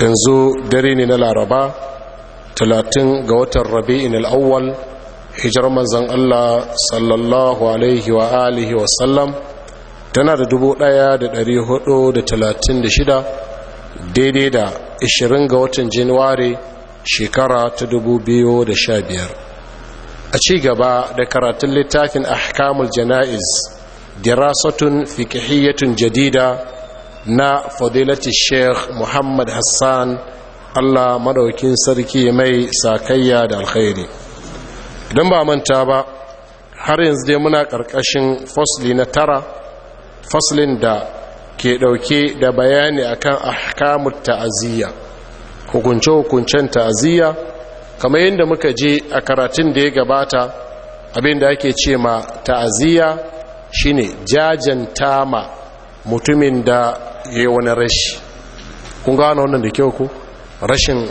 yanzu dare ne na laraba talatin ga watan rabi'in al'awwal hijar manzan allah sallallahu alaihi wa alihi wasallam tana da shida daidai da 20 ga watan januwari shekara ta da sha biyar. a ci gaba da karatun littafin ahkamul jana'iz dirasatun fikihiyyatun jadida na fadilati sheikh muhammad hassan allah madaukin sarki mai sakayya da alkhairi idan ba manta ba har yanzu dai muna ƙarƙashin fasli na tara faslin da ke ɗauke da bayani akan ahkamut ta'aziyya hukunce-hukuncen ta'aziyya kamar yadda muka je a karatun da ya gabata abin da ake ce ma ta'aziyya shine jajanta ma mutumin da ya yi wani rashi kun gano wannan da kyau ko rashin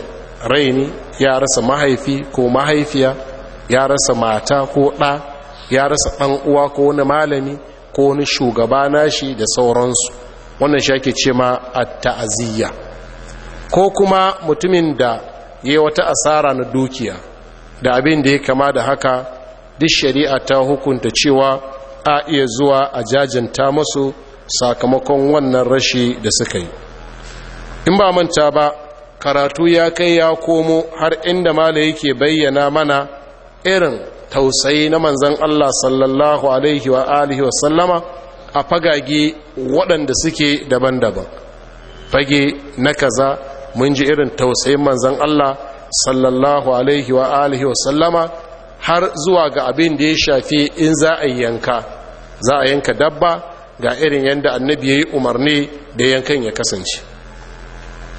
raini ya rasa mahaifi ko mahaifiya ya rasa mata ko ɗa ya rasa ɗan uwa ko wani malami ko wani shugaba nashi da sauransu wannan shi ake ce ma a ta'aziyya ko kuma mutumin da ya yi wata asara na dukiya da abin da ya kama da haka duk shari'a ta hukunta cewa a iya zuwa a jajinta masu sakamakon wannan rashi da suka yi in ba manta ba karatu ya kai ya komo har inda mala yake bayyana mana irin tausayi na manzan Allah sallallahu alaihi wa alihi wa sallama a fagage waɗanda suke daban-daban fage na kaza mun ji irin tausayin manzan Allah sallallahu alaihi wa alihi wa sallama har zuwa ga abin da ya shafi in za a yanka za a yanka dabba ga irin yadda annabi ya yi umarni da yankan ya kasance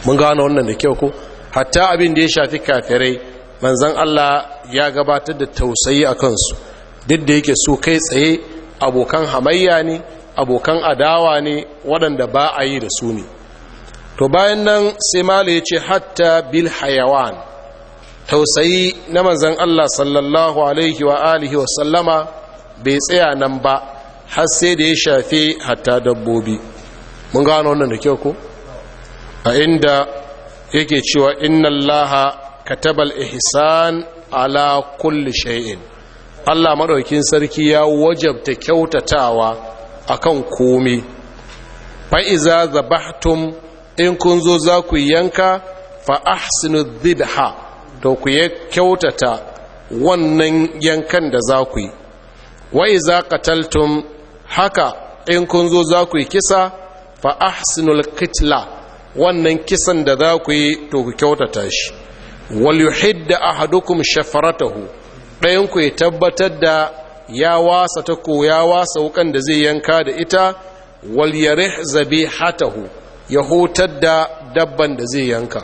mun gano wannan da kyau ko hatta abin da ya shafi kafirai manzan allah ya gabatar da tausayi a kansu duk da yake su kai tsaye abokan hamayya ne abokan adawa ne waɗanda ba a yi da su ne to bayan nan sai mala ya ce hatta bil hayawan tausayi na manzan allah sallallahu alaihi wa alihi wa sallama bai tsaya nan ba har sai da ya shafe hatta dabbobi mun gano wannan da kyau ko a inda yake cewa inna allaha katabal ihsan ala kulli shay'in Allah madaukin sarki ya wajabta kyautatawa akan komai fa iza zabahtum in kun zo za ku yanka fa ahsinu dhibha to ku kyautata wannan yankan da za ku yi wa iza qataltum haka in kun zo za ku yi kisa fa ahsinul kitla wannan kisan da za ku yi to ku kyautata shi wal yuhidda ahadukum shafaratahu ɗayan ku ya tabbatar da ya wasa ta ko ya wasa wukan da zai yanka da ita wal yarih zabihatahu ya hutar da dabban da zai yanka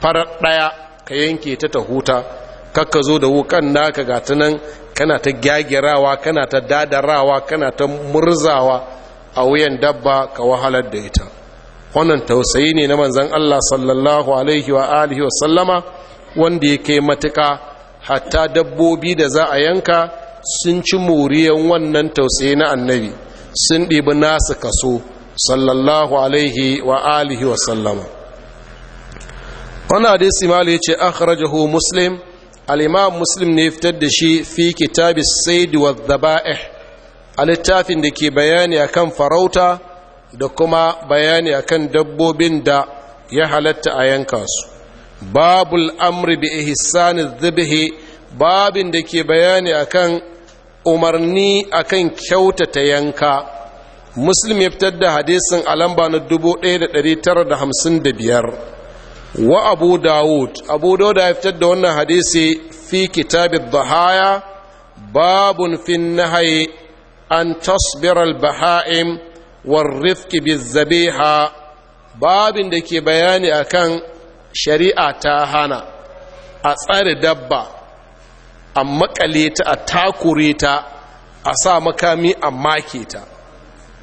farar ɗaya ka yanke ta ta huta kakka zo da wukan naka ga ta kana ta gyagirawa kana ta dadarawa kana ta murzawa a wuyan dabba ka wahalar da ita wannan tausayi ne na manzan Allah sallallahu alaihi wa alihi wa sallama wanda ya kai matuka hatta dabbobi da za a yanka sun ci moriyan wannan tausayi na annabi sun ɗibi nasu kaso sallallahu alaihi wa alihi wa sallama wannan hadisi ce akhrajahu muslim al'imam muslim ne fitar da shi fi kitabi saidi wa zaba'ih a littafin da ke bayani akan farauta da kuma bayani akan dabbobin da ya halatta a yanka su babul amri bi ihsani zubihi babin da ke bayani akan umarni akan kyautata yanka muslim ya fitar da hadisin a lamba na 1955 wa abu dawud abu dawud ya fitar da wannan hadisi fi kitabid dhahaya babun fin nahyi an tasbira al baha'im war rifqi babin da ke bayani akan shari'a ta hana a tsare dabba a makale ta a takure ta a sa makami a make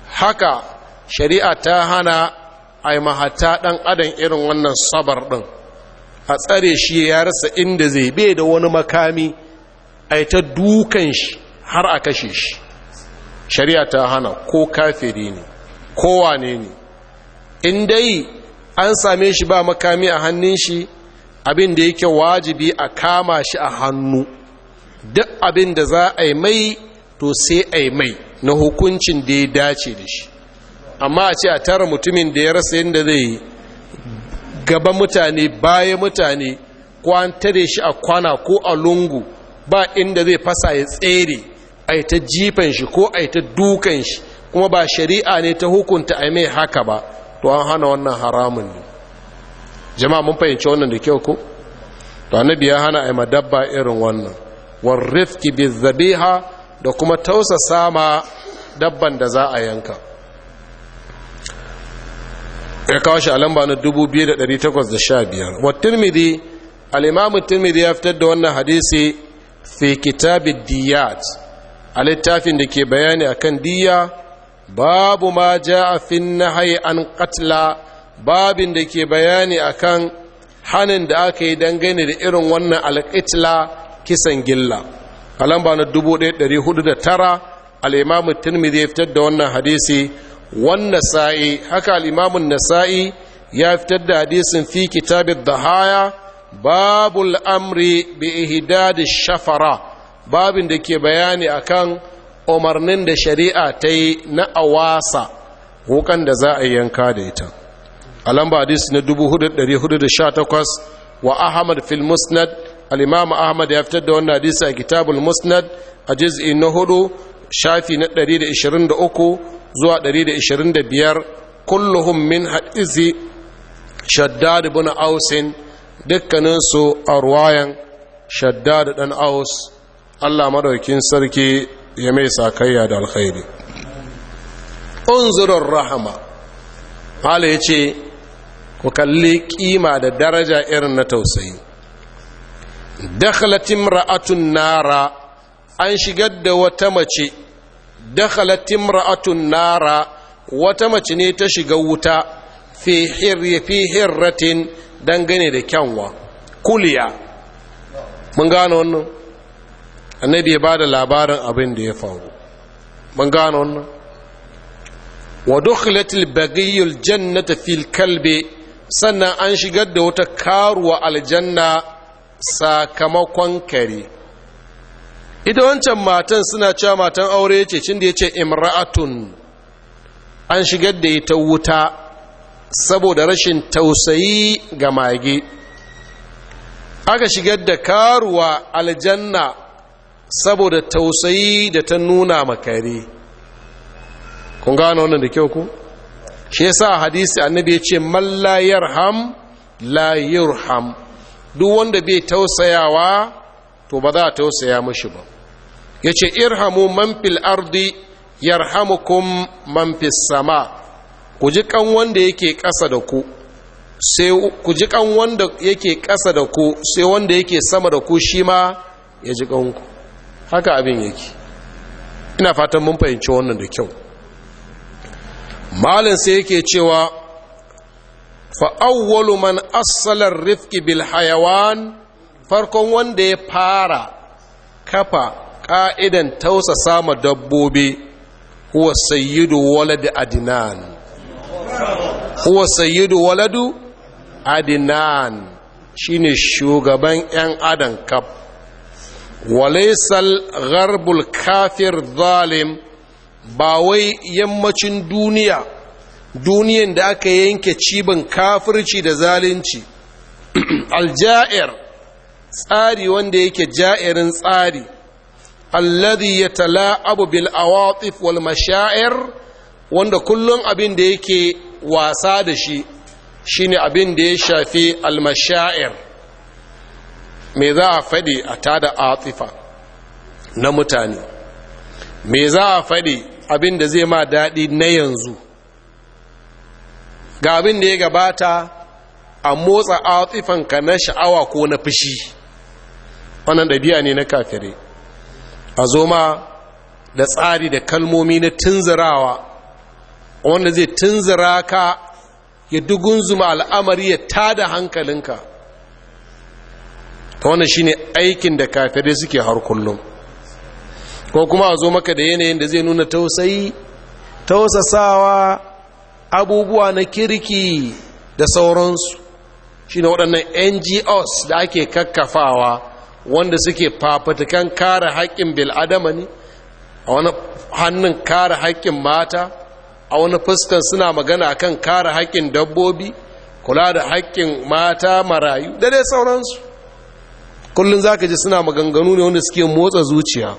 haka shari'a ta hana ai mahata ɗan adam irin wannan sabar ɗin a tsare shi ya rasa inda zai bai da wani makami ai ta dukan shi har a kashe shi shari'a ta hana ko kafiri ne wane ne in dai an same shi ba makami a hannun shi abin da yake wajibi a kama shi a hannu duk abin da za a yi mai to sai a yi mai na hukuncin da ya dace da shi amma a ce a tara mutumin da ya rasa yadda zai yi gaba mutane baya mutane ko an tare shi a kwana ko a lungu ba inda zai fasa ya tsere a yi ta jifan shi ko a yi ta dukan shi kuma ba shari'a ne ta hukunta a mai haka ba to an hana wannan haramun ne jama'a mun fahimci wannan da kyau ko to annabi ya hana a madabba irin wannan warrifki bi zabiha da kuma tausa sama dabban da za a yanka ya kawo shi a lamba na 2815 wa turmidi, al turmidi ya fitar da wannan hadisi fi kitab diyat a littafin da ke bayani akan diya babu ma ja'a fi nahyi an katla babin da ke bayani akan hanin da aka yi dangane da irin wannan alƙitla kisan gilla a lamba na 1409 al-imam ya fitar da wannan hadisi wan sa'i haka al na sa'i ya fitar da hadisin fi da dahaya babul amri bi da shafara babin da ke bayani akan umarnin da shari'a ta yi na awasa wukan da za a yi yanka da ita a lamba hadis na takwas wa ahmad fil musnad al ahmad ya fitar da wannan hadisi a kitabul musnad a juz'i na hudu shafi na uku. zuwa 125 kulluhum min hadisi shaddad ibn ausin dukkaninsu a ruwayan shaddad dan aus Allah madaukin sarki ya mai sakayya da alkhairi unzurur rahama hala ya ce ku kalli kima da daraja irin na tausayi dakhlatim ra'atun nara an shigar da wata mace dakhalat timra'atun nara wata mace ne ta shiga wuta fi hirri fi hirratin dangane da kyanwa kuliya mun gano wannan annabi ya bada labarin abin da ya faru mun gano wannan wa dukhilat al-baghiy al-jannata fil kalbi sannan an shigar da wata karuwa aljanna sakamakon kare ita wancan matan suna cewa matan aure ce cin da ya ce imra'atun an shigar da ita wuta saboda rashin tausayi ga mage aka shigar da karuwa aljanna saboda tausayi da ta nuna makare kun gano wannan da kyau ku shi yasa hadisi annabi ya ce man yarham la yurham duk wanda bai tausayawa to ba za a tausaya mashi ba ya ce irhamu man fil ardi yarhamukum man fis sama ku ji kan wanda yake ƙasa da ku sai ku ji kan wanda yake ƙasa da ku sai wanda yake sama da ku shi ma ya ji kan ku haka abin yake ina fatan mun fahimci wannan da kyau malin sai yake cewa fa'awwalu man asalar rifki bil hayawan farkon wanda ya fara kafa Ka'idan tausa ma dabbobi huwa sayyidu waladu adinan huwa sayyidu waladu adinan shine shugaban 'yan adam kaf walaisal gharbul kafir zalim ba wai yammacin duniya duniyan da aka yanke cibin kafirci da zalunci aljair tsari wanda yake jairin tsari alladhi yatala'abu bil awatif wal mashaa'ir wanda kullun abin da yake wasa da shi shine abin da ya shafi al mashaa'ir me za a faɗi a tada atifa na mutane me za a faɗi abin da zai ma daɗi na yanzu ga abin da ya gabata a motsa atifanka na sha'awa ko na fushi wannan ɗabi'a ne na kafirai a zo ma da tsari da kalmomi na tunzirawa wanda zai tunzira ka ya zuma al'amari ya tada hankalinka ta wanda shine aikin da kafirai suke har kullum ko kuma a zo maka da yanayin da zai nuna tausayi tausasawa abubuwa na kirki da sauransu shine waɗannan ngos da ake kakkafawa wanda suke fafatukan kare haƙƙin bil'adama ne a wani hannun kare haƙƙin mata a wani fuskan suna magana kan kare haƙƙin dabbobi kula da haƙƙin mata marayu da dai sauransu kullum za ka ji suna maganganu ne wanda suke motsa zuciya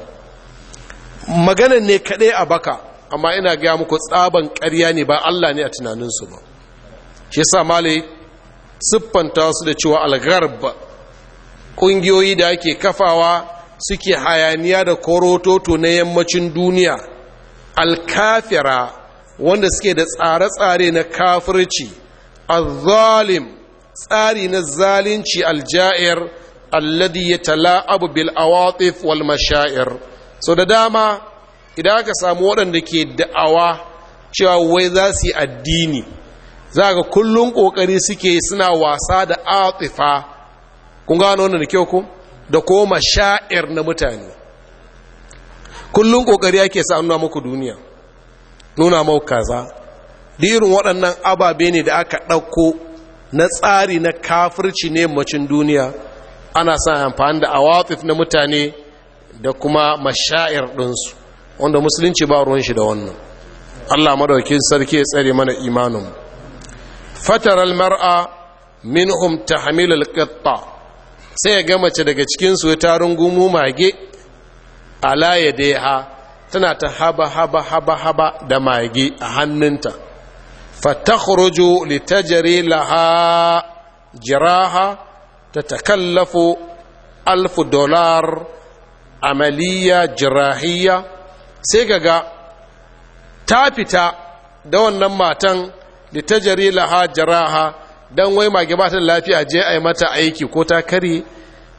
maganan ne kaɗai a baka amma ina gaya muku tsaban ƙarya ne ba allah ne a tunaninsu ba shi sa malai siffanta su da cewa algarba ƙungiyoyi da ake kafawa suke hayaniya da korototo na yammacin duniya alkafira wanda suke da tsare-tsare na kafirci al tsari na zalunci aljair alladhi yatala'abu bil awatif wal mashair so da dama idan aka samu waɗanda ke da'awa cewa wai za su yi addini za ga kullum ƙoƙari suke suna wasa da atifa kun gano wannan da kyau ku, da koma sha'ir na mutane kullum kokari ake sa nuna muku duniya nuna mau kaza dirin waɗannan ababe ne da aka ɗauko na tsari na kafirci ne macin duniya ana sa amfani da awatif na mutane da kuma mashayar ɗinsu wanda musulunci ba ruwan shi da wannan allah madaukin sarki ya tsare mana imanin fatar almar'a minhum tahmilul alqitta sai ya ga mace daga cikinsu ta gumu mage ala ya ha tana ta haba haba haba haba da mage a hannunta fatakhruju litajri laha jiraha takallafu alfu dolar amaliya jirahiya sai gaga ta fita da wannan matan litajri laha jiraha don wai mage ba ta da lafiya je a yi mata aiki ko ta kare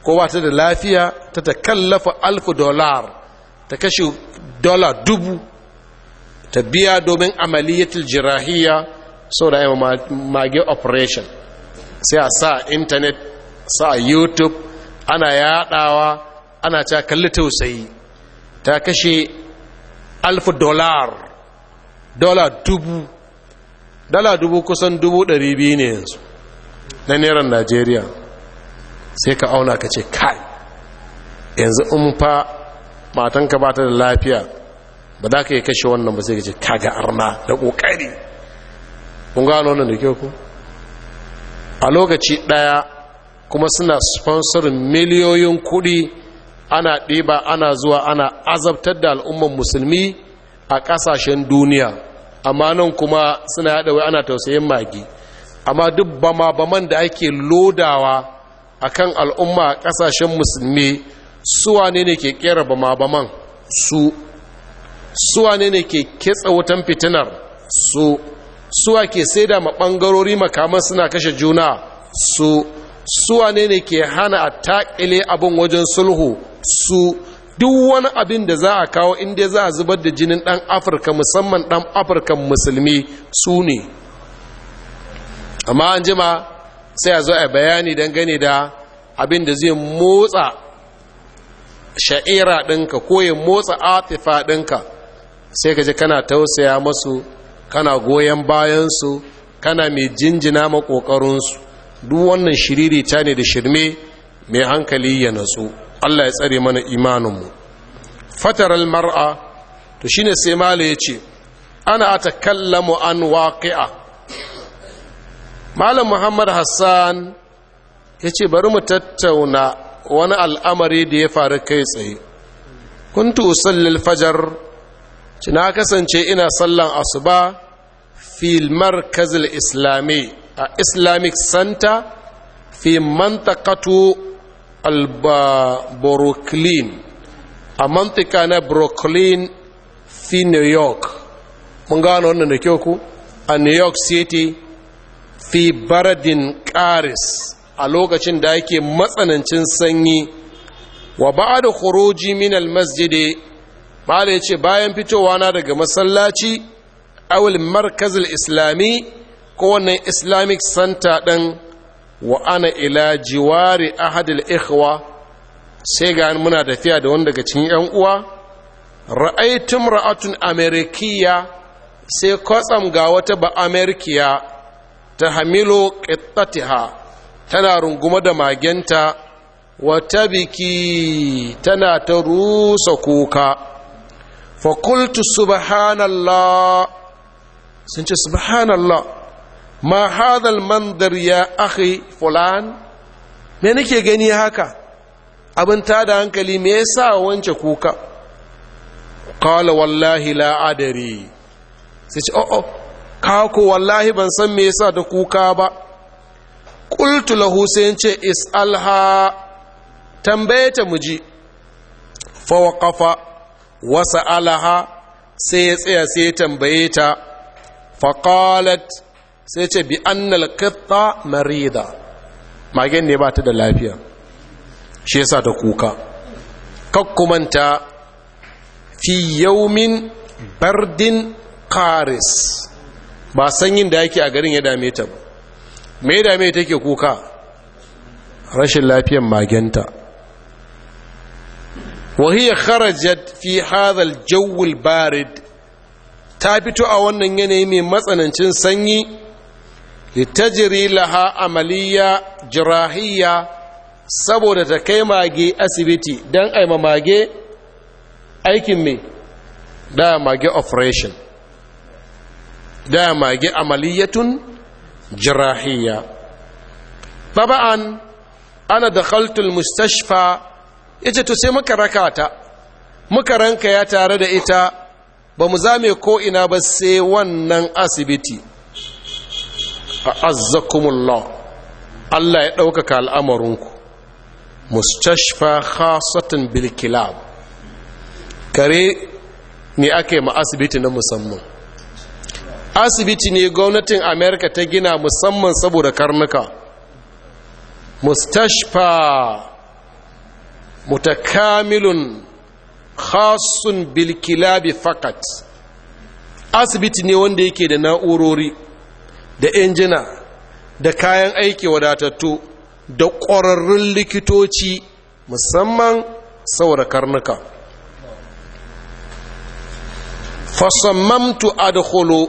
ko ba ta da lafiya ta ta kallafa alfu dolar ta kashe dola dubu ta biya domin amaliyatul jirahiya sau da yi mage operation sai a sa intanet sa a youtube ana yadawa ana ta kalli tausayi ta kashe alfu dolar dola dubu dala dubu kusan dubu ɗari biyu ne yanzu na neran najeriya sai ka auna ka ce kai yanzu in fa matanka ba ta da lafiya ba za ka yi kashe wannan ba sai ka ce kaga arna da ƙoƙari kun gano wannan da kyau ku a lokaci ɗaya kuma suna sponsor miliyoyin kuɗi ana ɗiba ana zuwa ana azabtar da al'ummar musulmi a ƙasashen duniya amma nan kuma suna yaɗa wai ana tausayin magi amma duk bama baman da ake lodawa a kan al'umma a ƙasashen musulmi suwa ne ne ke ƙera bama baman su suwa ne ne ke ketsa wutan fitinar su suwa ke saida ma ɓangarori makaman suna kashe juna su suwa ne ne ke hana a taƙile abin wajen sulhu su duk wani abin da za a kawo inda za a zubar da jinin ɗan afirka musamman ɗan afirka musulmi su ne amma an jima sai a zo a bayani dangane da abin da zai motsa sha'ira ɗinka ko ya motsa atifa ɗinka sai ka ji kana tausaya masu kana goyon bayansu kana mai jinjina maƙoƙarinsu duk wannan shiriri ne da shirme mai hankali ya natsu Allah ya tsare mana imaninmu fataral mar'a to shine sai mala ya ce ana atakallamu an waqi'a malam muhammad hassan ya ce bari mu tattauna wani al'amari da ya faru kai tsaye kuntu usallil fajar ci na kasance ina sallan asuba fil markazil islami a islamic center fi mantakatu alba-brooklyn a mantika na brooklyn fi new york mun gano wannan da kyau ku a new york city fi baradin karis a lokacin da yake matsanancin sanyi wa ba da khuruji min almasjidi mala ya ce bayan fitowa na daga masallaci awul markazil islami ko wannan islamic center ɗin wa ana ila jiwari ahadil ikhwa sai ga muna tafiya da wani daga cikin yan uwa ra'aitum ra'atun amerikiya sai kwatsam ga wata ba amerikiya ta hamilo qittatiha tana runguma da magenta wata biki tana ta rusa kuka fakultu subhanallah sun ce subhanallah ma hadal mandar ya akhi fulan me nake gani haka abin tada hankali me yasa wance kuka qala wallahi la adari sai ce oh oh ka ko wallahi ban san me yasa da kuka ba qultu lahu sai ce isalha tambaye ta muji fa waqafa wa sa'alaha sai ya tsaya sai ya tambaye ta faqalat sai ce bi annal qitta marida magen ne ba ta da lafiya shi yasa ta kuka kakkumanta fi yaumin bardin karis ba sanyin da yake a garin ya dame ta ba me ya dame take kuka rashin lafiyan magenta وهي kharajat fi hadal jawul barid ta fito a wannan yanayi mai matsanancin sanyi litajiri laha amaliya jirahiya saboda ta kai mage asibiti don aima mage aikin me da mage operation da mage amaliyatun jirahiyya taba'an ana da khaltul mustashfa ya to sai muka raka ta muka ranka ya tare da ita ba mu zame ko ina ba sai wannan asibiti a'azzakumullah Allah ya ɗaukaka al'amarinku mustashfa khasatin bilkilab kare ne ake ma asibiti na musamman asibiti ne gwamnatin amerika ta gina musamman saboda karnuka mustashfa mutakamilun khasun bilkilabi fakat asibiti ne wanda yake da na'urori da injina da kayan aiki wadatattu da ƙwararrun likitoci musamman saboda karnuka fasammamtu adkhulu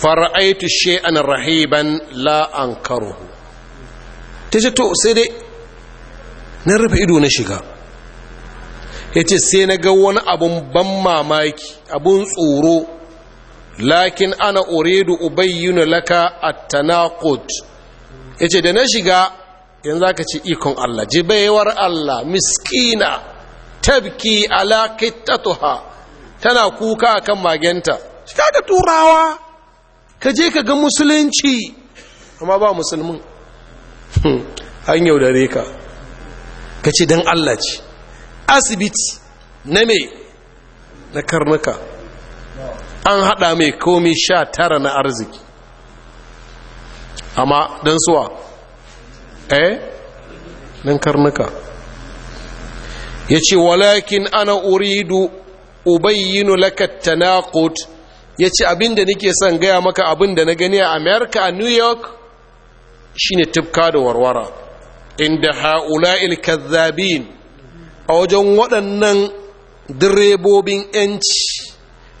fara'aitu shay'an rahiban la ankaruhu tace to sai dai na rufe ido na shiga yace sai na ga wani abun ban mamaki abun tsoro lakin ana uridu ubayyinu laka at-tanaqud yace da na shiga yanzu aka ce ikon Allah jibaiwar Allah miskina tabki ala kittatuha tana kuka akan magenta da turawa ka je ka ga musulunci amma ba musulmin hmm, an yaudare ka ka ce don Allah ce asibiti na me na karnuka an haɗa mai komi sha tara na arziki amma don suwa eh don karnuka ya ce walakin ana uridu ubayyinu na tanaqut ya ce abinda nake son gaya maka abinda na gani a america a new york shine tufka da warwara inda ha'ula'il kazzabin a wajen waɗannan direbobin 'yanci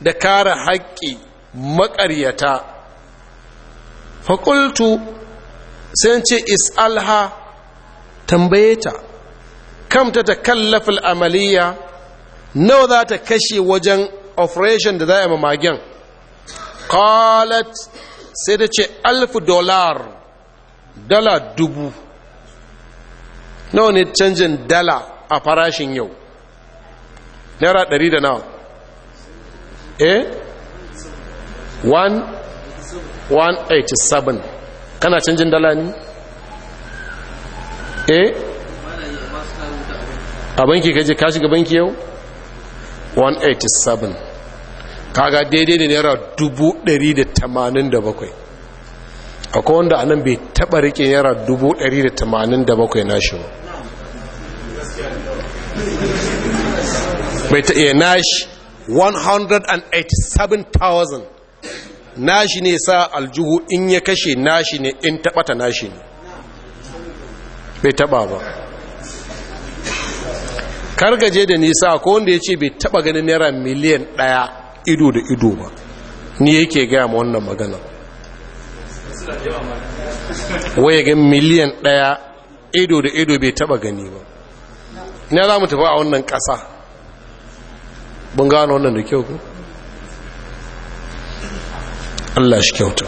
da kare haƙƙi maƙaryata faƙultu sai ce is'alha tambaye ta kam ta ta kallafin amaliya nawa za ta kashe wajen operation da za a mamagen qalat sai ta ce alfu dolar dala dubu nawa ne canjin dala a farashin yau naira ɗari da nawa eh 187 kana canjin dala ne a eh? a banki kaje kashi ga banki yau 187 kaga daidai da naira 187 akwai wanda anan bai taba rike naira 187 shi ba bai ta iya eh, nashi 187,000 nashi ne sa aljuhu in ya kashe nashi ne in ta nashi ne bai taɓa ba kargaje da nisa ko wanda ya ce bai taɓa ganin naira miliyan ɗaya ido da ido ba ni yake gaya ma wannan magana waya gan miliyan ɗaya ido da ido bai taɓa gani ba ina za mu tafi a wannan ƙasa Bun gano wannan da kyau ku Allah shi kyauta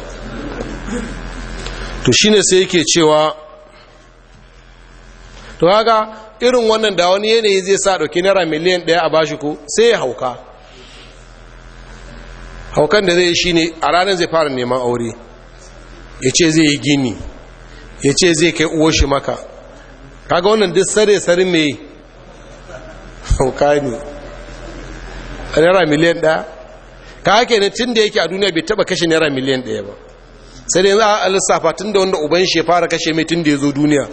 to shine sai yake cewa to kaga irin wannan da wani yanayi zai sa dauki naira miliyan daya a bashi ku sai ya hauka haukan da zai yi shine a ranar zai fara neman aure ya ce zai yi gini ya ce zai kai uwo shi maka kaga wannan duk sare-sare mai hauka ne a naira miliyan ɗaya ka hake ne tun da yake a duniya bai taba kashe naira miliyan ɗaya ba sai dai za a lissafa tun da wanda uban shi fara kashe mai tun da ya zo duniya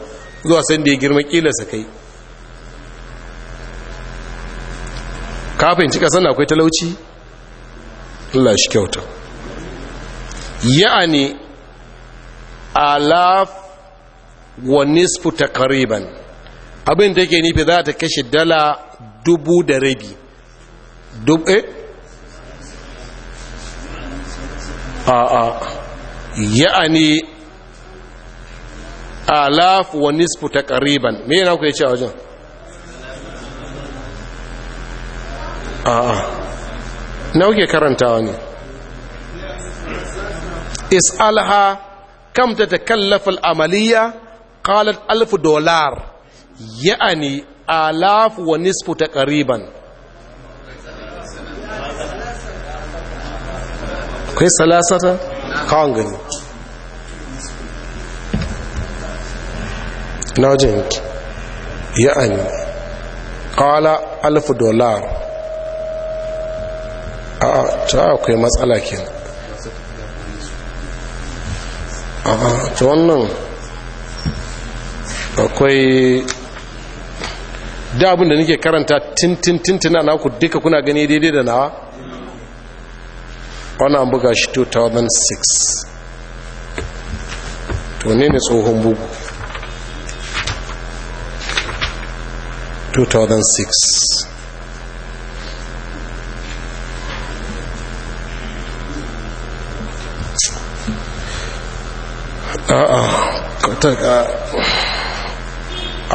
zuwa san ya girma kila sa kai Kafin cika kasan akwai talauci Allah shi kyauta ya'ani alaf wa nisfu takriban abin da yake nufi za ta kashe dala dubu da rabi duk eh a'a ya'ani alaf wa nisfu taqriban me yana ku yace a wajen a'a na kuke karantawa ne is'alha kam tatakallafu al amaliya qalat 1000 dolar ya'ani alaf wa nisfu taqriban akwai salasata kawon gani na wajen yake ya'ani kawala alfu dolar a cewa akwai matsala ke a ta wannan akwai da abin da nake karanta tintin tintina na ku duka kuna gani daidai da nawa wannan buga shi 2006 to ne ne tsohon bugu 2006 kata ga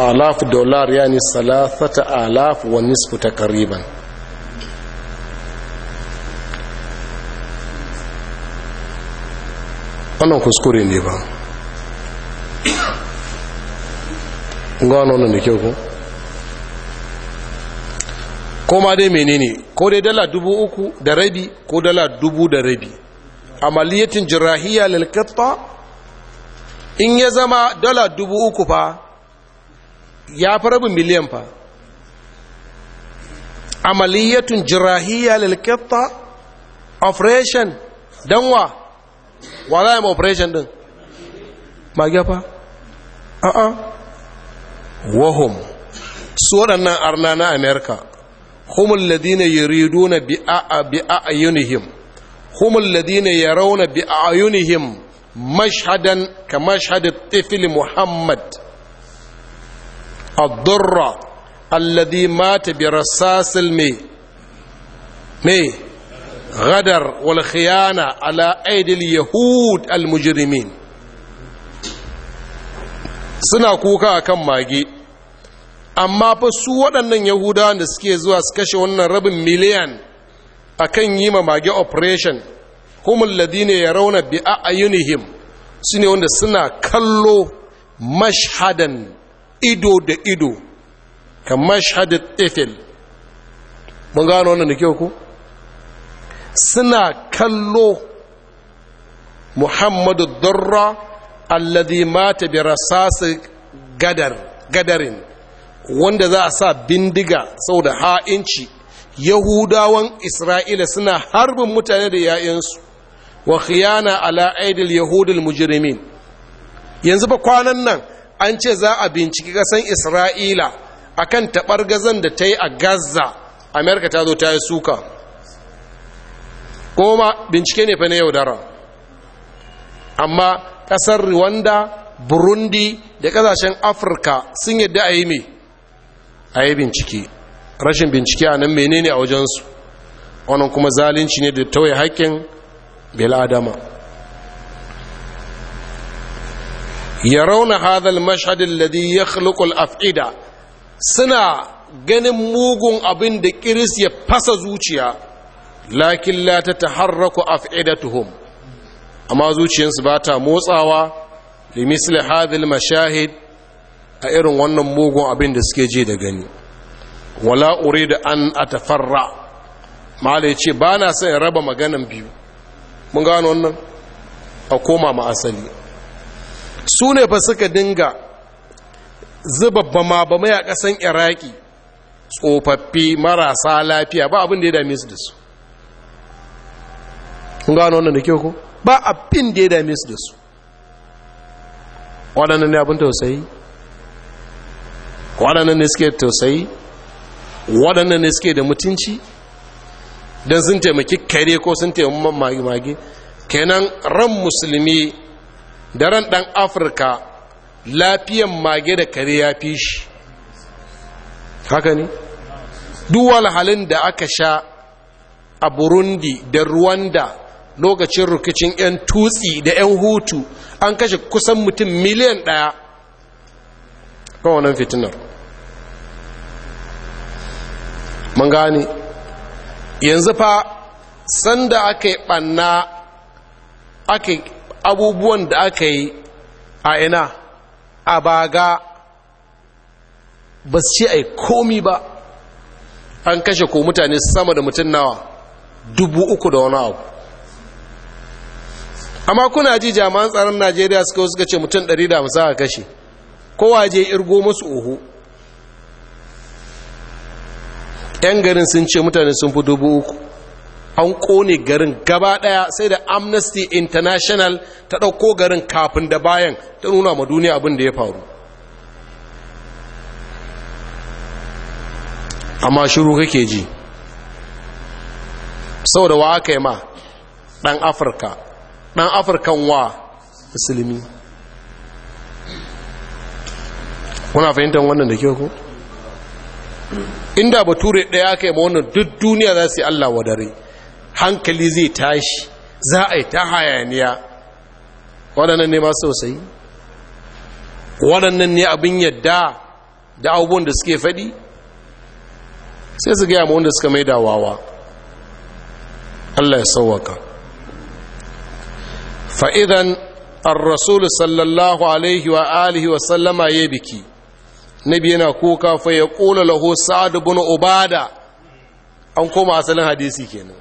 alaf dolar yani salasata alaf wa nisfu takriban wannan kuskure ne ba gano wannan da kyau ko ma dai menene ko dai dala dubu uku da rabi ko dala dubu da rabi amaliyatin jirahiya lalkatta in ya zama dala dubu uku fa ya fi rabin miliyan fa amaliyatun jirahiya lalkatta operation danwa wa za a yi ma operation din magiya fa a'a wahum su waɗannan arna na america humul ladina yuriduna bi a a'yunihim humul ladina yarawna bi a'yunihim mashhadan ka mashhad at-tifl muhammad ad-durra alladhi mata bi rasasil me me غدر والخيانة على أيدي اليهود المجرمين suna kuka akan mage amma fa su waɗannan yahudawan da suke zuwa su kashe wannan rabin miliyan akan yi ma mage operation humul ladine ya rauna bi a ayunihim su ne wanda suna kallo mashhadan ido da ido ka mashhadin ifil mun gano wannan da kyau ku? suna kallo muhammadu durra alladhi mata bi rasasi gadar gadarin wanda za a sa bindiga saboda ha'inci yahudawan isra'ila suna harbin mutane da yayansu wa khiyana ala aidil yahudil mujrimin yanzu ba kwanan nan an ce za a binciki kasan isra'ila akan taɓargazan da ta yi a gaza amerika ta zo ta yi suka Koma bincike ne fa na yaudara amma ƙasar rwanda burundi da ƙasashen afirka sun yadda a yi mai a yi bincike rashin bincike a nan menene a wajensu wannan kuma zalunci ne da tauye haƙƙin bil'adama ya rauna hadal mashadin ladi ya af'ida suna ganin mugun abin da kiris ya fasa zuciya lakin la ta taharraku tuhum amma zuciyarsu ba ta motsawa limisli hadil mashahid a irin wannan mugun abin da suke ji da gani wala da an a ta atafarra ya ce ba na son raba maganan biyu mun gano wannan a koma ma asali su ne ba suka dinga zuba ba mai a ƙasan iraki tsofaffi marasa lafiya ba abin da ya dame su da su kun gano wannan da kyau ko ba abin da ya dame su da su waɗannan ne abin tausayi waɗannan ne suke tausayi waɗannan ne suke da mutunci don sun taimaki kare ko sun taimaki mage kenan ran musulmi da ran ɗan afirka lafiyan mage da kare ya fi shi haka ne duk halin da aka sha a burundi da rwanda lokacin rikicin 'yan tutsi da 'yan hutu an kashe kusan mutum miliyan ɗaya kawanan fitinar mun gane yanzu fa sanda aka yi ɓanna aka abubuwan da aka yi a ina a baga ba su ce a komi ba an kashe ko mutane sama da mutum nawa dubu uku da wani abu amma kuna ji jami'an tsaron najeriya suka suka ce mutum ɗari da musa a kashe kowa je irgo masu uhu yan garin sun ce mutane sun fi dubu uku an kone garin gaba daya sai da amnesty international ta ɗauko garin kafin da bayan ta nuna ma duniya abin da ya faru amma shiru kake ji sau da wa aka yi ma ɗan afirka ɗan afirkan wa musulmi kuna fahimtar wannan da ke ku inda bature ɗaya kai ma wannan duk duniya za su yi allah wadare hankali zai tashi za a yi ta hayaniya waɗannan ne masu sosai waɗannan ne abin yadda da abubuwan da suke faɗi sai su gaya ma wanda suka mai dawawa allah ya sauwaka fa'idan الرسول صلى ya عليه وآله na يبكي نبينا كوكا فيقول له sa'adu بن Obada, an koma asalin hadisi kenan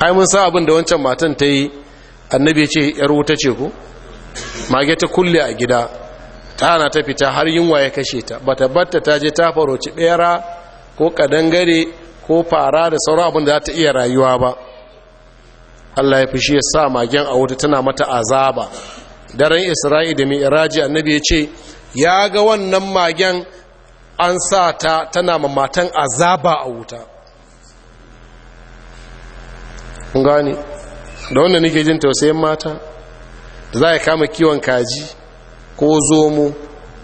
ai mun sa abin da wancan matan ta yi annabi ya ce yar wuta ce ko mage ta kulle a gida ta na ta fita har yunwa ya kashe ta bata batta ta je ta faroci bera ko ƙadangare, ko fara da sauran abin da za ta iya rayuwa ba Allah ya fushi ya sa magen a wuta tana mata azaba daren Isra'i da Mi'raji annabi ya ce ya ga wannan magen an sa ta tana ma matan azaba a wuta kun gane da wanda nake jin tausayin mata za a kama kiwon kaji ko zomo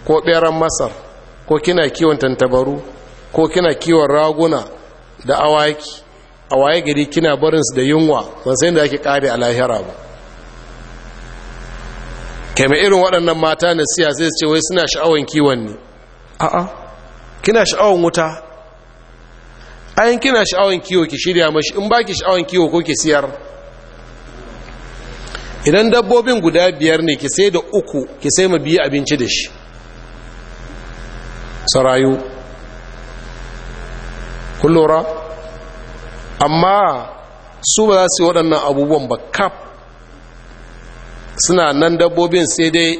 ko ɓeran masar ko kina kiwon tantabaru ko kina kiwon raguna da awaki a waye gari kina barinsu da yunwa ban sai da ake kare a lahira ba kame irin waɗannan mata na siya sai ce wai suna sha'awan kiwon ne a'a kina sha'awan wuta ayin kina sha'awan kiwo ki shirya mashi in baki sha'awan kiwo ko ki siyar idan dabbobin guda biyar ne ki sai da uku ki sai ma biyu abinci da shi sarayu kun amma su ba za su yi waɗannan abubuwan ba kaf suna nan dabbobin sai dai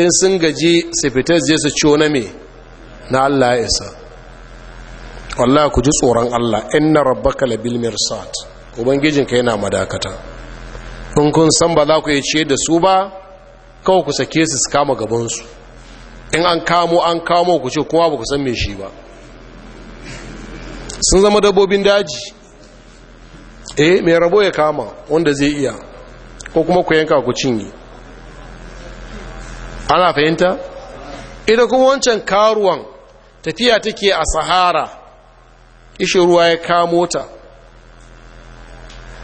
in sun gaji su fitar je su ciwo na me na allah ya isa wallah ku ji tsoron allah inna rabbaka labil mirsat ka yana madakata in kun san ba za ku yi ciye da su ba kawai ku sake su su kama gabansu in an kamo an kamo ku ce kowa ba ku san me shi ba sun zama dabbobin daji eh mai rabo ya kama wanda zai iya ko kuma ku yanka ku cinye ana fahimta Idan kuma wancan karuwan tafiya take a sahara ishi ruwa ya kamo ta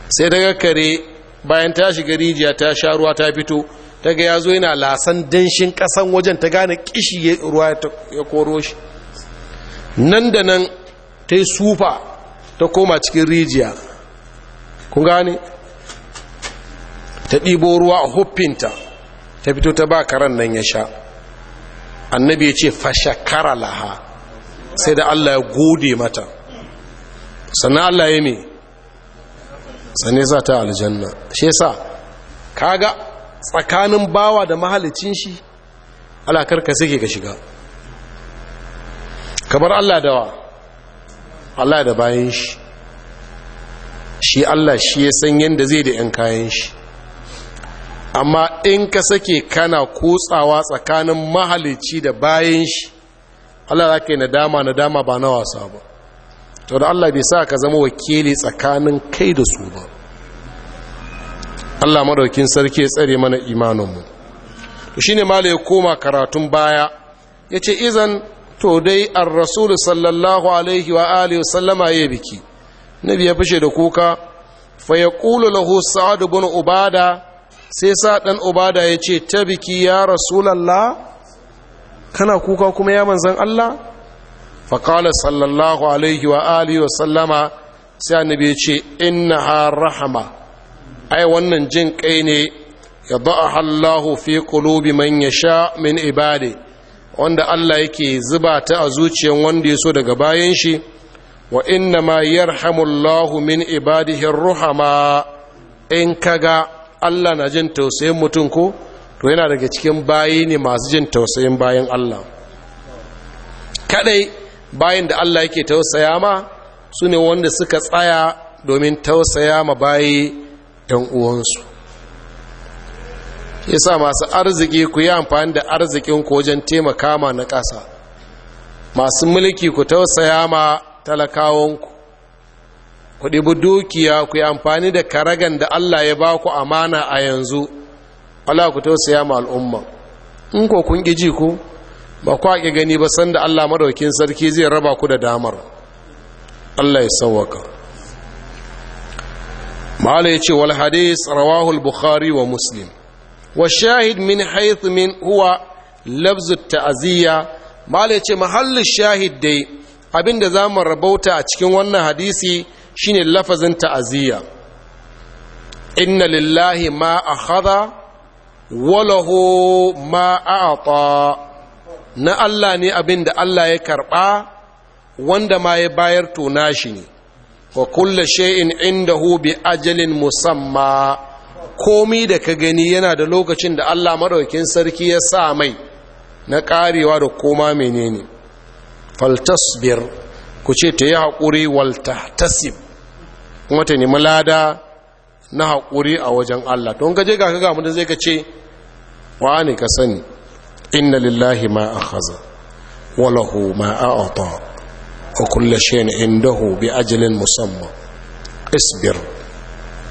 sai daga kare bayan ta shiga rijiya ta sha ruwa ta fito daga ya zo yana lasan danshin kasan wajen ta gane kishi ruwa ya koro shi nan da nan ta yi sufa ta koma cikin rijiya kun gane ta ɗibo ruwa a huffinta ta fito ta ba karen nan ya sha annabi ya ce fashe kara laha sai da allah ya gode mata sannan allah ya ne sannan sa ta aljanna shi sa kaga tsakanin bawa da mahalicin shi alakarka suke ka shiga kamar allah dawa allah da bayan shi shi Allah shi ya san yadda zai da 'yan kayan shi amma in ka sake kana kutsawa tsakanin mahalicci da bayan shi Allah za ka yi nadama nadama ba na wasa ba to da Allah bai sa ka zama wakili tsakanin kai da su ba Allah madaukin sarki ya tsare mana imaninmu to shi shine mala ya koma karatun baya ya ce izan to dai ar-rasul sallallahu alaihi wa alihi sallama ya biki nabi ya fashe da kuka fa ya ƙulu lahu sa'ad bin ubada sai sa ɗan ubada ya ce ta ya rasulallah kana kuka kuma ya manzan Allah fa kala sallallahu alaihi wa alihi wa sallama sai annabi ya ce ha rahama ai wannan jin kai ne ya da'aha Allah fi qulubi man yasha min ibadi wanda Allah yake zuba ta a zuciyar wanda ya so daga bayan shi wa inna ma yarhamullahu min ibadihi ruhama in kaga Allah na jin tausayin mutum ko to yana daga cikin bayi ne masu jin tausayin bayan Allah kadai bayin da Allah yake tausaya ma su ne wanda suka tsaya domin tausaya ma bayi ɗan uwansu yasa masu arziki ku yi amfani da arzikin ku wajen taimaka ma na ƙasa masu mulki ku tausaya ma talakawanku ku ɗibi dukiya ku yi amfani da karagan da Allah ya ba ku amana a yanzu Allah ku tausaya ma al'umma in ko kun ƙi ji ku ba ku haƙi gani ba sanda Allah madaukin sarki zai raba ku da damar Allah ya sauwaka ma'ala ya ce wal hadis rawahul bukhari wa muslim wa shahid min haith min huwa lafzu ta'aziyya ma'ala ya ce shahid dai abin da za mu rabauta a cikin wannan hadisi shine lafazin ta'aziyya inna lillahi ma akhadha wa lahu ma a'ta na Allah ne abin da Allah ya karɓa wanda ma ya bayar to shi ne wa kullu shay'in indahu bi ajalin musamma komi da ka gani yana da lokacin da Allah maɗaukin sarki ya sa mai na karewa da koma menene faltasbir ku ce ta yi haƙuri walta tasib kuma ta nemi lada na haƙuri a wajen Allah don gaje ga kaga mutum zai ka ce wa ne ka sani inna lillahi ma a haza walahu ma a ata a kulle ne indahu bi ajilin musamman isbir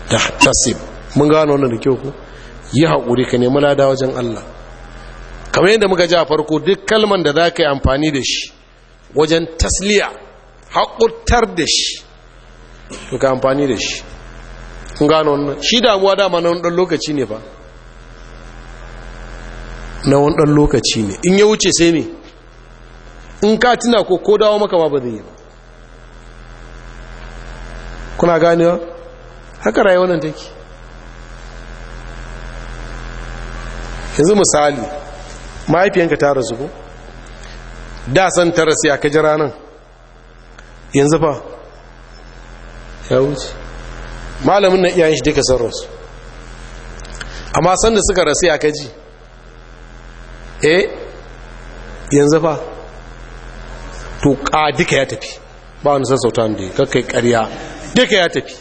da tasib mun gano wannan da kyau yi haƙuri ka nemi lada wajen Allah kamar yadda muka ji a farko duk kalman da za ka yi amfani da shi wajen tasliya haƙurtar da shi to ka amfani da shi kun gano wannan shi damuwa dama na wani lokaci ne ba na wani ɗan lokaci ne in ya wuce sai ne in ka tuna ko ko dawo maka ba zai yi ba kuna ganewa haka rayuwa nan take yanzu misali mahaifiyanka ta rasu da san tarasi sai aka jira nan yanzu fa ya wuce malamin na iyayen shi duka san rasu amma san da suka rasu aka ji eh yanzu fa to a duka ya tafi ba wani sassauta da ya kakai karya duka ya tafi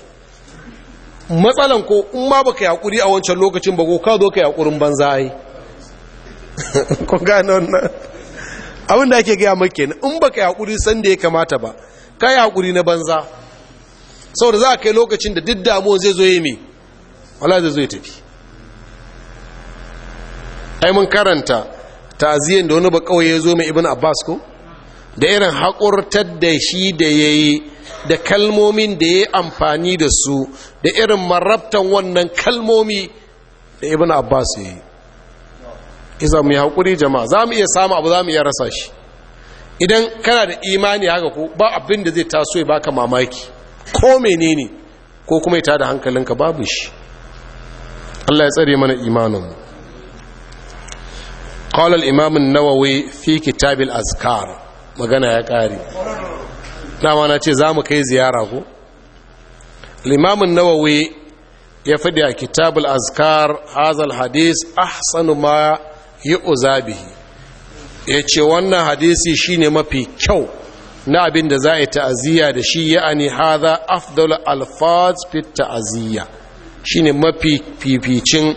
matsalan ko in ma baka yakuri a wancan lokacin ba ko ka zo ka yakurin banza ai kun gane wannan abin da ake gaya maka kenan in baka yaƙuri san da ya kamata ba ka yaƙuri na banza saboda za a kai lokacin da duk damuwa zai zo yi mai. wala zai zo ya tafi ai mun karanta ta'aziyan da wani ba kawai ya zo mai ibn abbas ko da irin haƙurtar da shi da ya yi da kalmomin da ya yi amfani da su da irin marabtan wannan kalmomi da ibn abbas ya yi Iza mu yi haƙuri jama'a za mu iya samu abu za mu iya rasa shi idan kana da imani haka ko ba abin da zai taso ya baka mamaki ko menene ko kuma ya da hankalinka babu shi Allah ya tsare mana imaninmu an-nawawi fi kitab al-azkar magana ya ƙare dama na ce za mu kai ziyara ko limamin nawawi ya faɗi a kitabul azkar hazal hadis ahsanu ma yi uzabi ya ce wannan hadisi shine mafi kyau na abin da za a yi ta'aziyya da shi ya'ani haza afdal alfaz fi ta'aziyya shine mafi fificin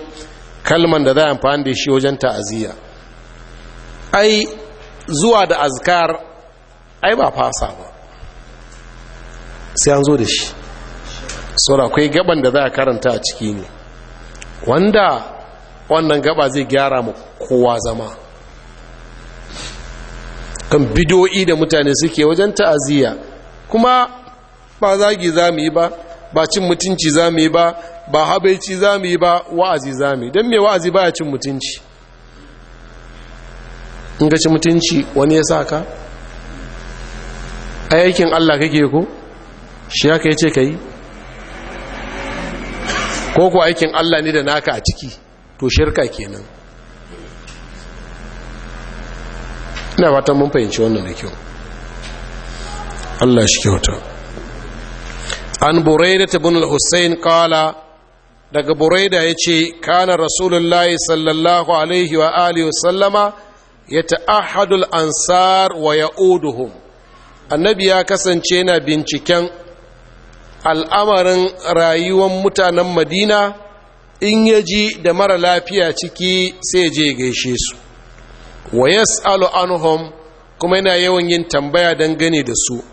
kalman da za a amfani da shi wajen ta'aziyya ai zuwa da azkar ai ba fasa ba sai an zo da shi saurakwai akwai gaban da za a karanta a ciki ne wanda wannan gaba zai gyara mu kowa zama kan bidoyi da mutane suke wajen ta'aziyya kuma ba zagi za mu yi ba ba cin mutunci za mu yi ba ba habaici za mu yi ba wa'azi za mu yi don mai wa'azi ba ya cin mutunci in ga ci mutunci wani ya sa ka a yakin allah kake ko shi haka ya ce ka yi ko ku aikin allah ne da naka a ciki to shirka kenan ina fatan mun fahimci wannan da kyau Allah shi kyauta an buraida ibn al-husayn Kala daga buraida ce, kana rasulullahi sallallahu alaihi wa alihi wa sallama yata'ahadu al-ansar wa ya'uduhum annabi ya kasance na binciken al'amarin rayuwar mutanen madina in ya ji da mara lafiya ciki sai je gaishe su wa yas'alu anhum kuma yana yawan yin tambaya dangane da su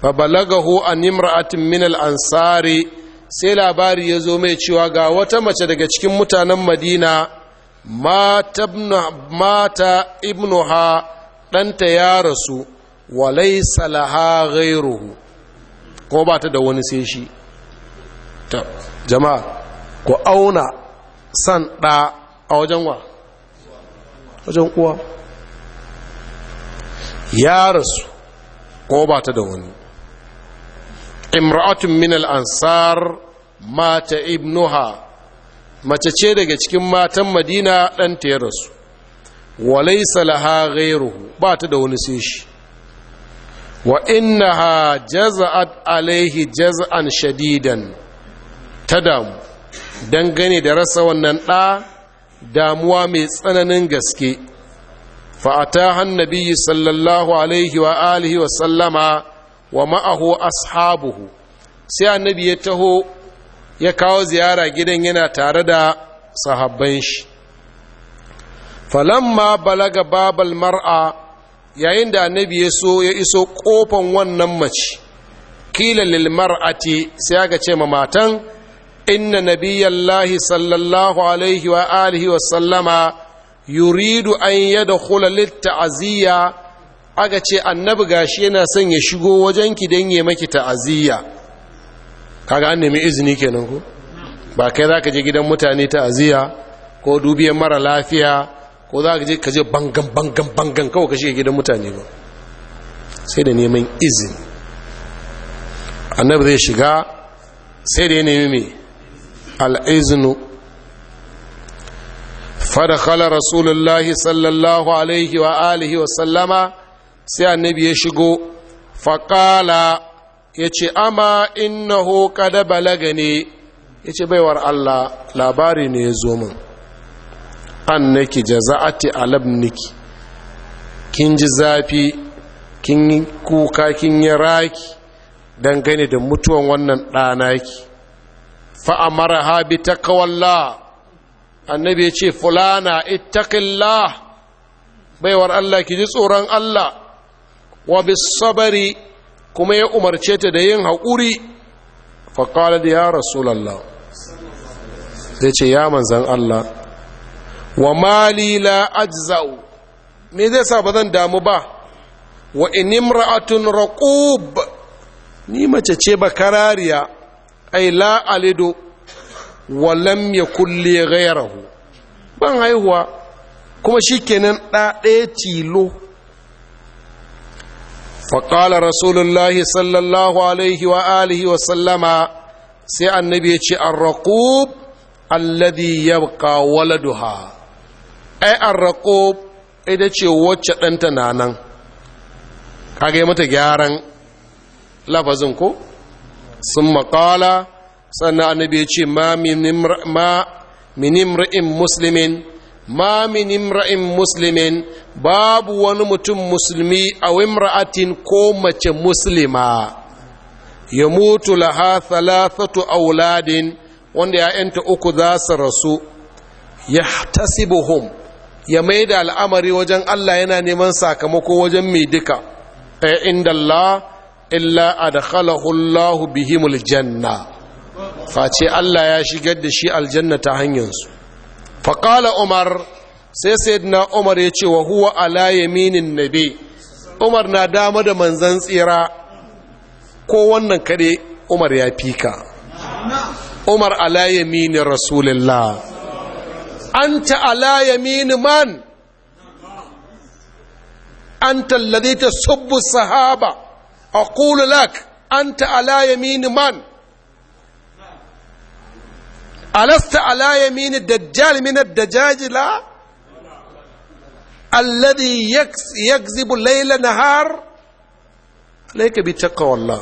fa balagahu an imra'atin min al-ansari sai labari ya zo mai cewa ga wata mace daga cikin mutanen madina mata ibnuha ɗanta ya rasu walai salaha gairuhu Ko ba ta da wani sai shi jama'a ku auna san ɗa a wajen wa wajen uwa ya rasu ko ba ta da wani imra'atun min al'ansar mata ibnuha mace ce daga cikin matan madina ɗanta ya rasu Walai salaha gairuhu ba ta da wani sai shi wa innaha jaza'at alaihi jaz'an shadidan ta damu dangane da rasa wannan ɗa damuwa mai tsananin gaske fa'ata hannabi sallallahu alaihi wa alihi wa sallama wa ma'ahu ashabuhu sai annabi ya taho ya kawo ziyara gidan yana tare da sahabban shi falamma balaga babal mar'a yayin da annabi ya so ya iso kofan wannan mace kila lil mar'ati sai aka ce ma matan inna نبي sallallahu alaihi الله alihi wa وسلم yuridu an يدخل litta'ziya aka ce annabi gashi yana son ya shigo wajenki don ya maki ta'aziyya kaga an nemi izini kenan ko ba kai zaka je gidan mutane ta'aziyya ko dubiyar mara lafiya ko za ka je ka je bangan bangan bangan kawai ka shiga gidan mutane ba sai da neman izini annabi zai shiga sai da ya nemi mai al'iznu fadakhala rasulullahi sallallahu alaihi wa alihi wa sallama sai annabi ya shigo fakala ya ce ama innahu kada balaga ne ya ce baiwar allah labari ne ya zo min an nake jaza'ati alabniki kin ji zafi kin yi kuka kin yi raki dangane da mutuwan wannan ɗanaki fa'amaraha bi kawalla. annabi ya ce fulana ittaqillah baiwar Allah ki ji tsoron Allah wa kuma ya umarce ta da yin haƙuri faƙalar ya rasulallah zai ce ya manzan Allah wa mali la ajza'u me zai sa ba zan damu ba wa inimra'atun raƙub. ni mace ce ba karariya Ai la Alidu, wa lam ya kulle ya gaya haihuwa. Kuma shi ke nan ɗaɗe tilo. Faƙa la Rasulallah sallallahu alaihi wa'alihi wa salama, sai Annabi ya ce a raƙo. Al'adun ya kawo ladu'a. Ai a raƙo. wacce ɗanta nanan nan? Ka gai mata gyaran lafazin ko sun makala sannan annabi ya ce ma ra'in muslimin ma ra'in muslimin babu wani mutum musulmi a wimra'atin ko mace muslima ya mutu laha thalathatu auladin wanda ‘ya'yanta uku za su rasu ya tasibuhum ya mai da al'amari wajen Allah yana neman sakamako wajen mai duka ɗaya eh, inda Allah illa adkhalahu Allahu bihimul janna face Allah ya shigar da shi aljanna ta hanyar su fa qala Umar sai sayyidina Umar ya ce wa huwa ala yaminin nabi Umar na dama da manzan tsira ko wannan kare Umar ya fika Umar ala yaminin rasulullah anta ala yamin man anta alladhi tasubbu sahaba aqulu lak anta ala yamini man alasta ala yamini dajjal min ad-dajajila alladhi yakzibu layla nahar alayka bi taqwallah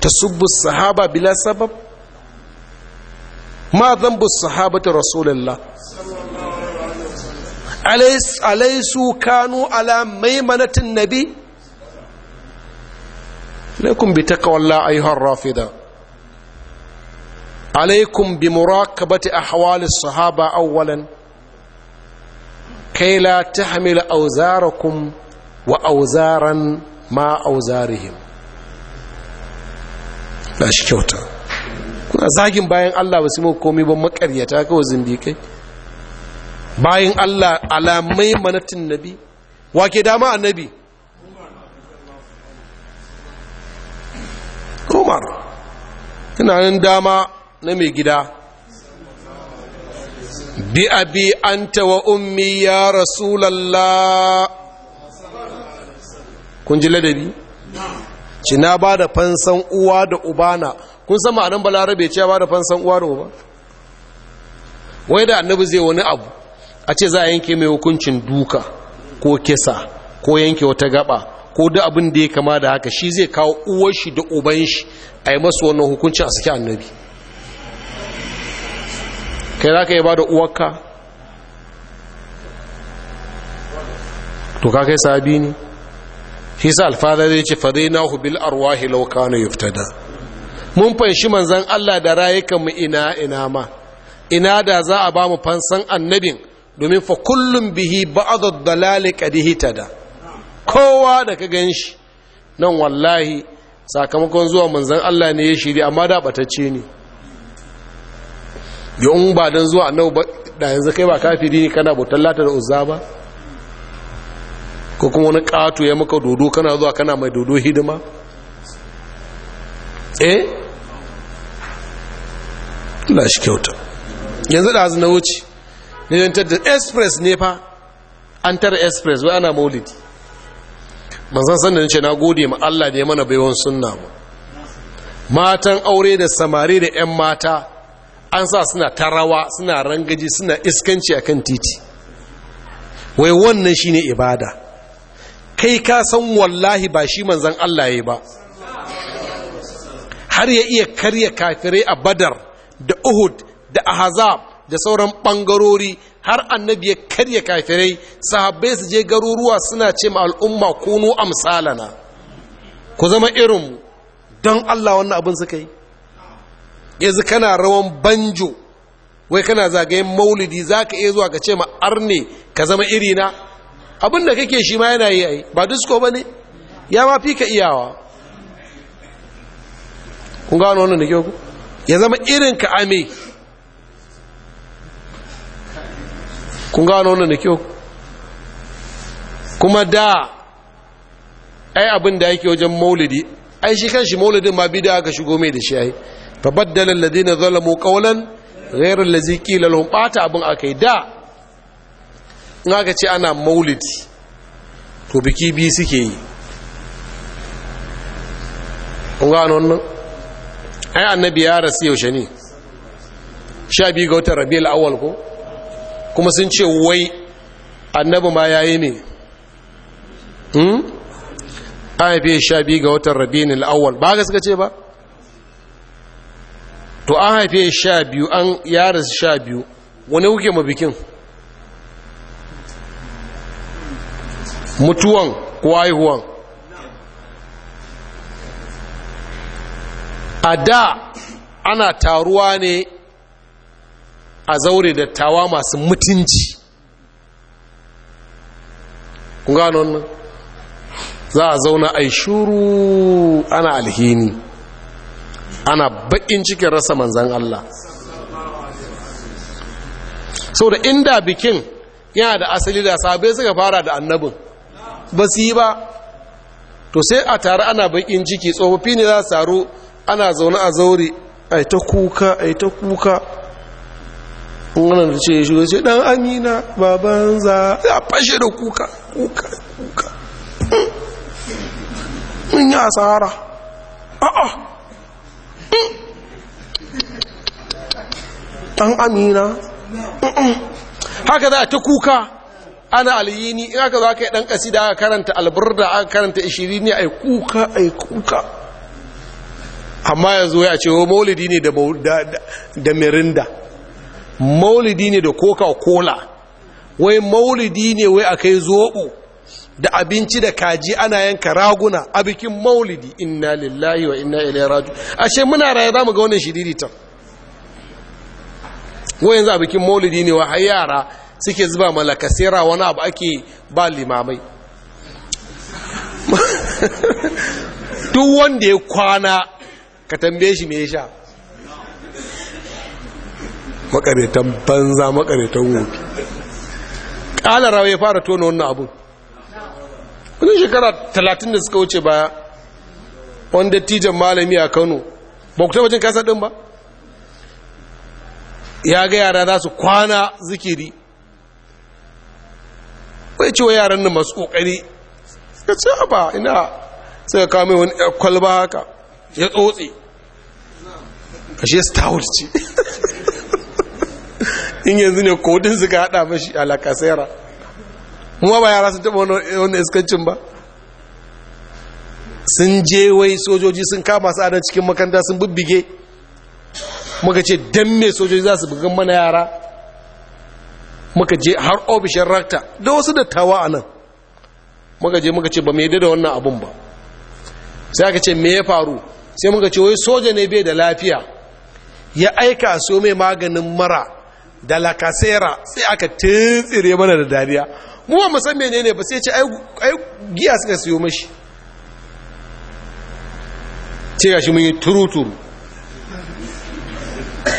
tasubbu as-sahaba bila sabab ma dhanbu as-sahabati rasulillah alaysu kanu ala maimanatin nabi alaikum بتقوى الله أيها الرافضة alaikum bi أحوال الصحابة أولا كي لا تحمل أوزاركم وأوزارا wa awzaran ma شكوتا shi kyauta kuna zagin bayan Allah ba su mu komai ba makaryata bayan Allah alamai manatin nabi wake dama annabi Tunanin dama na mai gida bi abi anta wa ummi ya rasulallah kun ji ladabi ci na ba da fansan uwa da ubana kun san ma'anin balarabe ce ba da fansan uwa da uba wai da annabi zai wani abu a ce za a yanke mai hukuncin duka ko kisa ko yanke wata gaba ko da abin da ya kama da haka shi zai kawo uwar shi da uban shi a yi masu wannan hukuncin a saki annabi kai za ka yi ba da uwarka to ka kai sabi ne shi sa alfada zai ce fadai na hubil arwa lauka na yuftada mun fanshi manzan allah da mu ina ina ma ina da za a ba mu fansan annabin domin fa kullum bihi ba'adar dalali da. kowa da ka gan shi nan wallahi sakamakon zuwa manzan Allah ne ya shiri amma da batacce ne yawon ba don zuwa annabu ba da yanzu kai ba kafiri ne kana bautar lata da uzza ba ko kuma wani ƙato ya maka dodo kana zuwa kana mai dodo hidima eh na shi kyauta yanzu da na wuce ne yantar da express ne fa an tara express wai ana maulidi ban san sannan ce na gode ma Allah da ya mana baiwan sunna ba matan aure da samari da 'yan mata an sa suna tarawa suna rangaji suna iskanci a kan titi wai wannan shi ne ibada kai ka san wallahi ba shi manzan Allah ya ba har ya iya karya kafirai a badar da uhud da ahazab da sauran ɓangarori har annabi ya karya kafirai sahabbai su je garuruwa suna ce ma al'umma kunu amsalana ku zama irin don Allah wannan abin suka yi yanzu kana rawan banjo wai kana zagayen maulidi za ka iya zuwa ka ce ma arne ka zama irina abin da kake shi ma yana yi ai ba disko ba ne ya ma fi ka iyawa kun gano wannan da kyau ku ya zama irin ka ame kun gano wannan da kyau kuma da ai abin da yake wajen maulidi ai shi kan shi maulidin ma bida aka shigo mai da shi ai baddala alladhina zalamu qawlan ghayra allazi qila lahum bata abin akai da in aka ce ana maulidi to biki bi suke yi kun gano wannan ai annabi ya rasu yaushe ne 12 ga watan rabiul awwal ko kuma sun ce wai annabi ma yayi ne hmm an haife sha biyu ga watan rabin al'awwal ba ga suka ce ba to an haife sha biyu an yara sha biyu wani kuke ma bikin mutuwan ko haihuwan a da ana taruwa ne a zaure dattawa masu mutunci kun gano za a zauna a shuru ana alhini ana bakin cikin rasa manzan Allah sau da inda bikin yana da asali da sabai suka fara da annabin ba su yi ba to sai a tare ana bakin ciki tsofaffi ne za su taru ana zaune a zaure a ta kuka a ta kuka wannan da ce ya shigo ce dan amina baban za ya fashe da kuka kuka kuka hmm. mun yi asara a'a dan hmm. amina hmm. haka za a ta kuka ana alyini, in haka za ka yi dan kasida aka karanta alburda aka karanta ishiri ne a kuka a kuka amma yanzu ya ce wa oh, maulidi ne da mirinda maulidi ne da coca-cola wai maulidi ne wai a kai zoɓo da abinci da kaji ana yanka raguna a bikin maulidi inna lillahi wa inna ilaihi raji ashe muna raye za mu ga wannan ta. wai yanzu a bikin maulidi ne wa har yara suke zuba malakasera wani abu ake ba limamai duk wanda ya kwana ka tambaye shi me ya sha makaretan banza makaretan wofi ƙala rawa ya fara tona wannan abun kudin shekara talatin da suka wuce baya wanda tijan malami a kano ba ku tabbacin kasa ɗin ba ya ga yara za su kwana zikiri wai wa yaran nan masu ƙoƙari suka ce ba ina suka kame wani kwalba haka ya tsotse ashe stout ce in yanzu ne kodin suka hada mashi alakasera kuma ba yara sun taba wani iskancin ba sun je wai sojoji sun kama su adan cikin makanta sun bubbige muka ce dan me sojoji za su bugan mana yara muka je har ofishin rakta da wasu dattawa a nan muka je muka ce ba mai da wannan abun ba sai aka ce me ya faru sai muka ce wai soja ne bai da lafiya ya aika so mai maganin mara da lakasera sai aka tsire mana da dariya mu ba mu san menene ba sai ce ai giya suka siyo mashi ce ga shi mun yi turuturu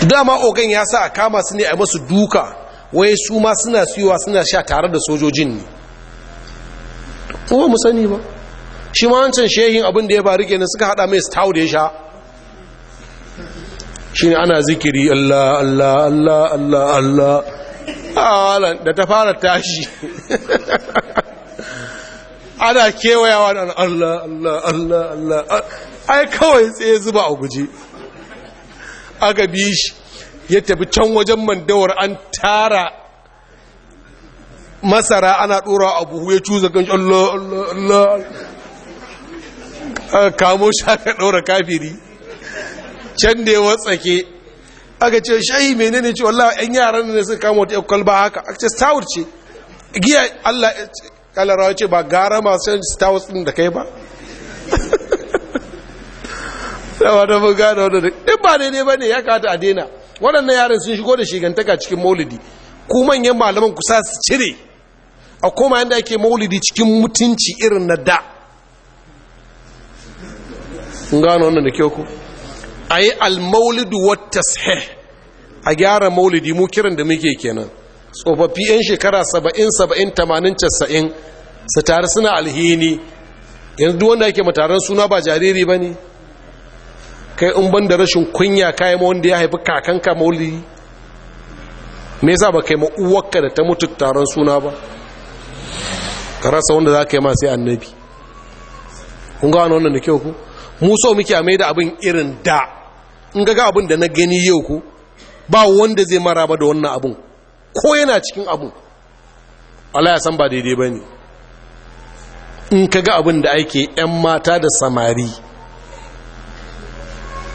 dama ogan ya sa a kama su ne a masu duka wai su ma suna siyowa suna sha tare da sojojin ne ba mu sani ba shi ma wancan shehin abin da ya ba rike ne suka hada mai stau da ya sha ne ana zikiri Allah Allah Allah Allah Allah awalan da ta fara tashi ana kewayawa da Allah Allah Allah Allah ai kawai tsaye zuba a guji. aka bi shi ya tafi can wajen mandawar an tara masara ana dora a buhu ya cuza kan Allah Allah Allah kamo sha ka daura kafiri can da ya watsake aka ce shayi menene ce wallahi yan yaran ne suka kama wata kwalba haka aka ce stout ce giya Allah kalarawa ce ba gara masu yan stout din da kai ba da wata mun gane wani da in ba daidai ba ne ya kata a daina waɗannan yaran sun shigo da shigantaka cikin maulidi ku manyan malaman ku sa su cire a koma yadda ake maulidi cikin mutunci irin na da gano wannan da kyau ku a yi almaulidu wata a gyara maulidi mu kiran da muke kenan tsofaffi 'yan shekara 70-70-80 su tare suna alhini yanzu wanda yake mataran suna ba jariri ba ne kai in ban da rashin kunya kayan wanda ya haifi kakanka maulidi me yasa ba kai ma uwarka da ta mutu taron suna ba ka rasa wanda za ka yi sai annabi kun gano wannan da kyau ku mu so muke a mai da abin irin da in ga abin da na gani yau ko ba wanda zai mara ba da wannan abin ko yana cikin abin Allah ya san ba daidai ba ne in ka ga abin da ake 'yan mata da samari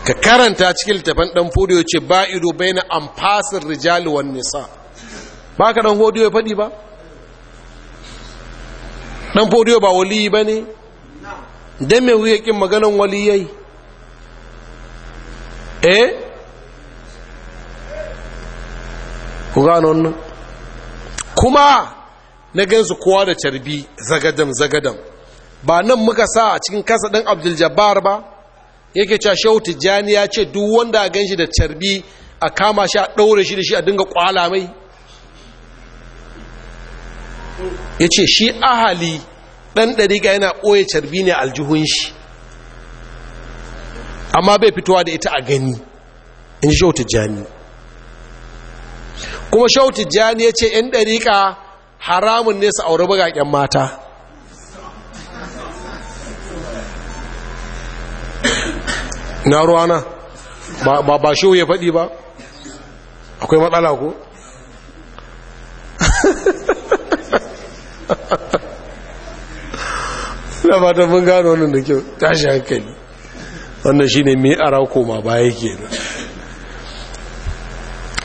ka karanta cikin littafin ɗan fodiyo ce ba ido bai na amfasin rijali nisa ba ka ɗan fodiyo ya faɗi ba ɗan fodiyo ba waliyi ba ne don mai wuya ƙin waliyai eh ku wannan kuma na gansu kowa da carbi zagadam zagadam ba nan muka sa a cikin kasa ɗan abdul jabbar ba yake cewa shehu tijjani ya ce duk wanda a ganshi da carbi a kama shi a ɗaure shi da shi a dinga kwala mai ya ce shi ahali ɗan ga yana ɓoye carbi ne aljihun shi amma bai fitowa da ita a gani in ji shau tijjani kuma shau tijjani ya ce yan ɗariƙa haramun ne su auri bugaƙen mata na ruwana ba ba shi ya faɗi ba akwai matsala ko na ba mun gano wannan da kyau tashi hankali wannan shi ne mai ara koma baya ke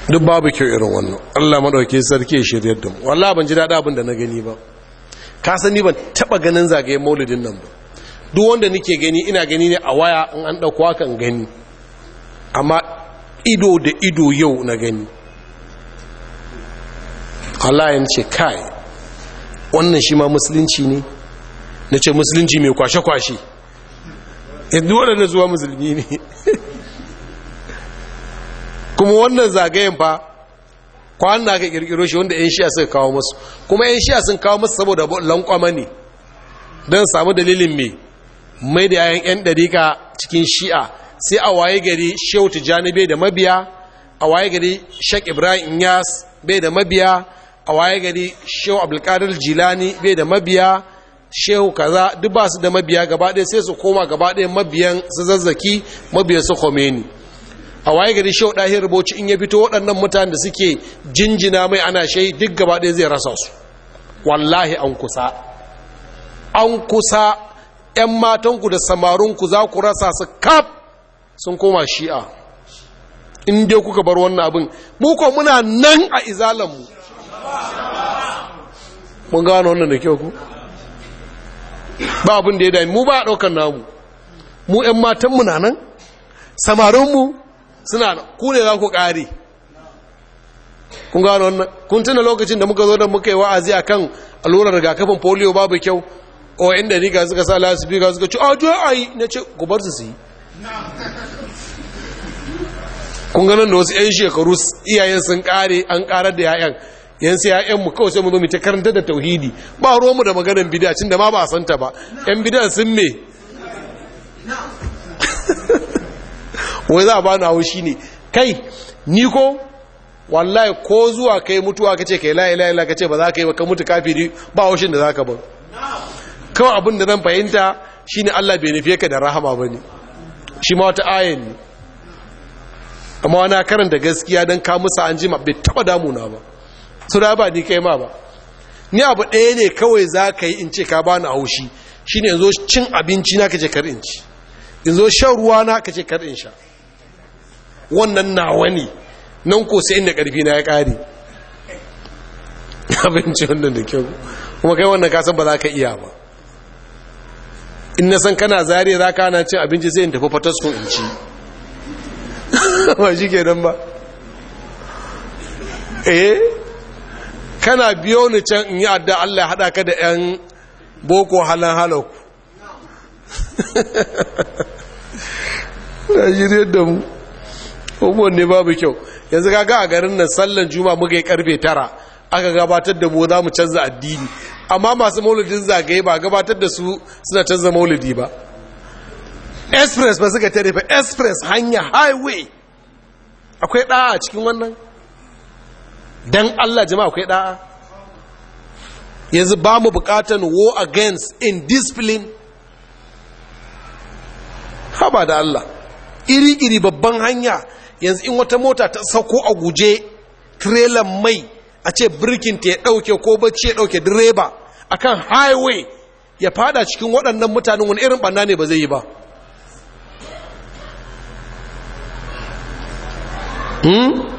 duk babu kyau irin wannan allah maɗauki sarki ya shirya da mu Wala ban ji daɗa abin da na gani ba ka san ni ban taɓa ganin zagayen maulidin nan ba duk wanda nake gani ina gani ne a waya in an ɗauko kan gani amma ido da ido yau na gani Allah ya ce kai wannan shi ma musulunci ne na ce musulunci mai kwashe-kwashe yadda eh, waɗanda zuwa musulmi ne kuma wannan zagayen fa kwanan da aka kirkiro shi wanda 'yan shiya suka kawo masu kuma 'yan shiya sun kawo masu saboda lankwama ne don samu dalilin mai mai da yayan 'yan ɗarika cikin shi'a sai a waye gari shehu tijjani bai da mabiya a waye gari shek ibrahim yas bai da mabiya a waye gari shehu abdulkadir jilani bai da mabiya shehu kaza duk ba su da mabiya gaba ɗaya sai su koma gaba ɗaya mabiyan su zazzaki mabiyan su khomeini a waye gari shehu ɗahir rubuci in ya fito waɗannan mutanen da suke jinjina mai ana shehi duk gaba ɗaya zai rasa su wallahi an kusa an kusa 'yan matanku da samarunku za ku rasa su kaf sun koma shi'a in dai kuka bar wannan abin muka muna nan a izalanmu mun gano wannan da kyau ku ba abin da ya dami mu ba a ɗaukar namu mu 'yan matanmu na nan samarinmu suna ku ne za ku ƙari kun gano wannan kun tuna lokacin da muka zo da muka yi wa'azi a kan allurar rigakafin polio babu kyau o inda ni ga suka sa lasibi ga suka ci a juya a yi na ce ku su su yi kun ganin da wasu 'yan shekaru iyayen sun ƙare an ƙarar da 'ya'yan yan sai mu kawai sai mu zo mu ta karanta da tauhidi ba mu da maganar bid'a cin da ma ba a santa ba yan bid'a sun me wai za a bani haushi ne kai ni ko wallahi ko zuwa kai mutuwa kace kai la ilaha illa kace ba za ka yi ba ka mutu kafiri ba haushin da za ka ba kawai abin da zan fahimta shine Allah bai nufi ka da rahama bane shi ma wata ayin ne amma wani karanta gaskiya don ka musa an ma bai taba damuna ba suna ba ni kai ma ba ni abu ɗaya ne kawai za ka yi in ce ka bani haushi shi ne zo cin abinci na kace kar in ci in zo shan ruwa na kace kar in sha wannan nawa ne nan ko sai inda ƙarfi na ya ƙare abinci wannan da kyau kuma kai wannan kasan ba za ka iya ba in na san kana zare za ka na cin abinci sai in tafi fatasko in ci ba shi ke nan ba eh kana biyo ni can in yi adda Allah ya haɗa ka da 'yan boko halin halaku na yi da mu abubuwan ne babu kyau yanzu ga a garin nan sallan juma muka yi karfe tara aka gabatar da mu za mu canza addini amma masu maulidin zagaye ba gabatar da su suna canza maulidi ba express ba suka tarifa express hanya highway akwai ɗaya a cikin wannan don allah jama'a akwai da'a yanzu ba mu bukatan war against indiscipline haba da allah iri-iri babban hanya yanzu in wata mota ta sako a guje trailer mai a ce birkinta ya ɗauke ko bacci ya ɗauke direba akan highway ya fada cikin waɗannan mutanen wani irin ɓanna ne ba zai yi ba hmm?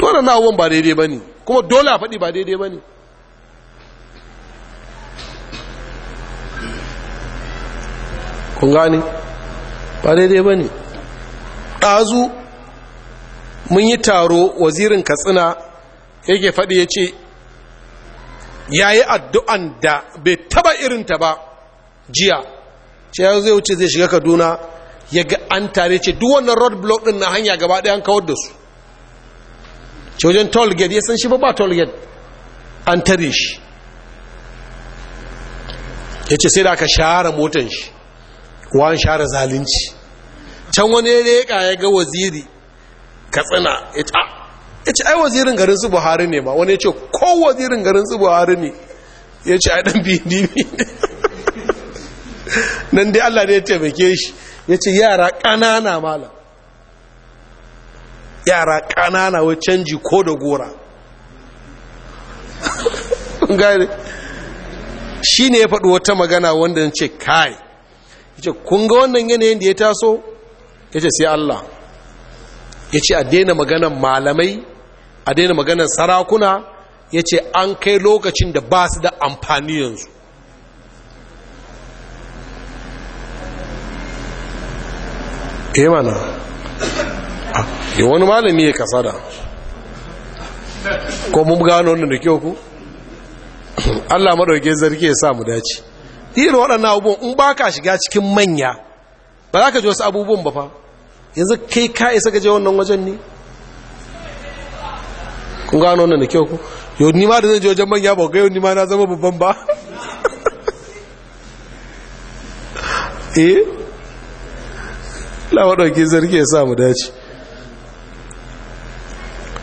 dole na abubuwan ba daidai ba ne kuma dole a faɗi ba daidai ba ne kun gane ba daidai ba ne ɗazu mun yi taro wazirin katsina yake faɗi ya ce ya yi addu'an da bai taba ta ba jiya ce ya zai wuce zai shiga kaduna ya ga an tare ce duk wannan road block ɗin na hanya gaba ɗaya an kawar da su ce wajen tolgate ya san shi ba ba tolgate an tare shi ya ce sai da aka share motan shi Wa an share zalunci can wani ya reka ya ga waziri katsina ah. ya ce ai wazirin garin su buhari ne ma wani ya ce ko wazirin garin su buhari ne ya ce ai dan bindi ne nan dai allah ne ya taimake shi ya ce yara ƙanana malam yara ƙanana wai canji ko da gora gane shi ne ya faɗi wata magana wanda ya ce kai ya ce kun wannan yanayin da ya taso ya ce sai Allah ya ce a daina maganan malamai a daina maganan sarakuna ya ce an kai lokacin da ba su da amfani yanzu eh mana yi wani malami ya kasada ko mun gano wannan da kyau ku Allah madauke zarki ya sa mu dace irin waɗannan abubuwan in ba ka shiga cikin manya ba za ka ji wasu abubuwan ba fa yanzu kai ka isa ga je wannan wajen ne kun gano wannan da kyau ku yau ni ma da zan je wajen manya ba ga yau ni ma na zama babban ba eh la wadauke zarki ya sa mu dace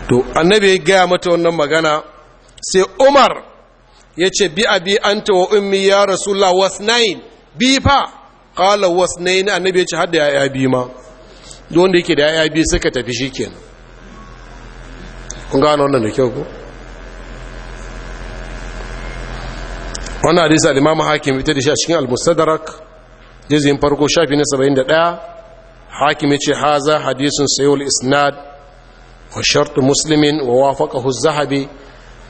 to annabi ya gaya mata wannan magana sai umar ya ce bi abi ta wa ummi ya rasulullah wasnain bi fa was wasnain annabi ya ce hadda ya ya bi ma don da yake da ya bi suka tafi shikenan kun gano wannan da kyau ko wannan hadisi al-imam hakim ita da shi a cikin al-mustadrak jizyin farko shafi na 71 hakim ya ce haza hadisun sayul isnad wa shartu muslimin wa wafaqahu zahabi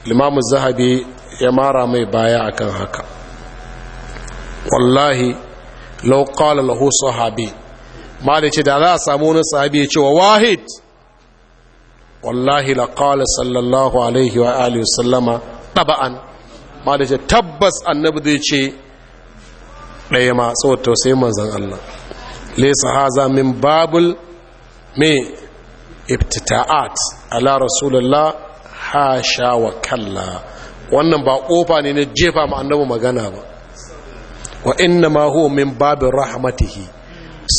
limamu zahabi ya mara mai baya akan haka wallahi law qala lahu da za a samu wani sahabi ya ce wa wahid wallahi la qala sallallahu alaihi wa alihi wasallama taba'an malice tabbas annabi zai ce ɗaya ma saboda tausayin manzon Allah laysa haza min babul me Ibtita'at ala rasulullah hasha wa kalla wannan ba kofa ne na jefa ma annabi magana ba wa inna ma huwa min babin rahmatihi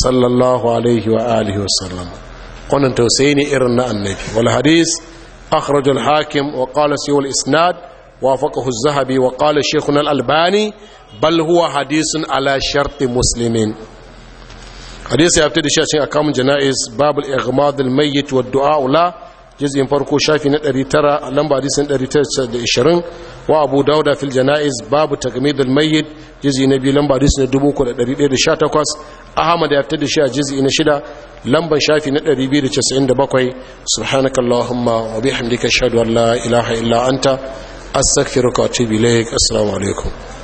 sallallahu alaihi wa alihi wa sallam wannan tausayi ne irin na annabi wal hadis akhraj al hakim wa qala sayyid al isnad wa الذهبي وقال Al-Albani, bal huwa حديث ala شرط مسلمين hadisi ya fito da shi a cikin akamun jana'iz babul ighmad al mayyit wa du'a la juz'in farko shafi na 900 lamba hadisin 920 wa abu dauda fil jana'iz babu takmid al mayyit juz'i na biyu lamba hadisin 3118 ahmad ya fito da shi a juz'i na 6 lamban shafi na 297 subhanaka allahumma wa bihamdika ashhadu an la ilaha illa anta astaghfiruka wa atubu ilaik assalamu alaikum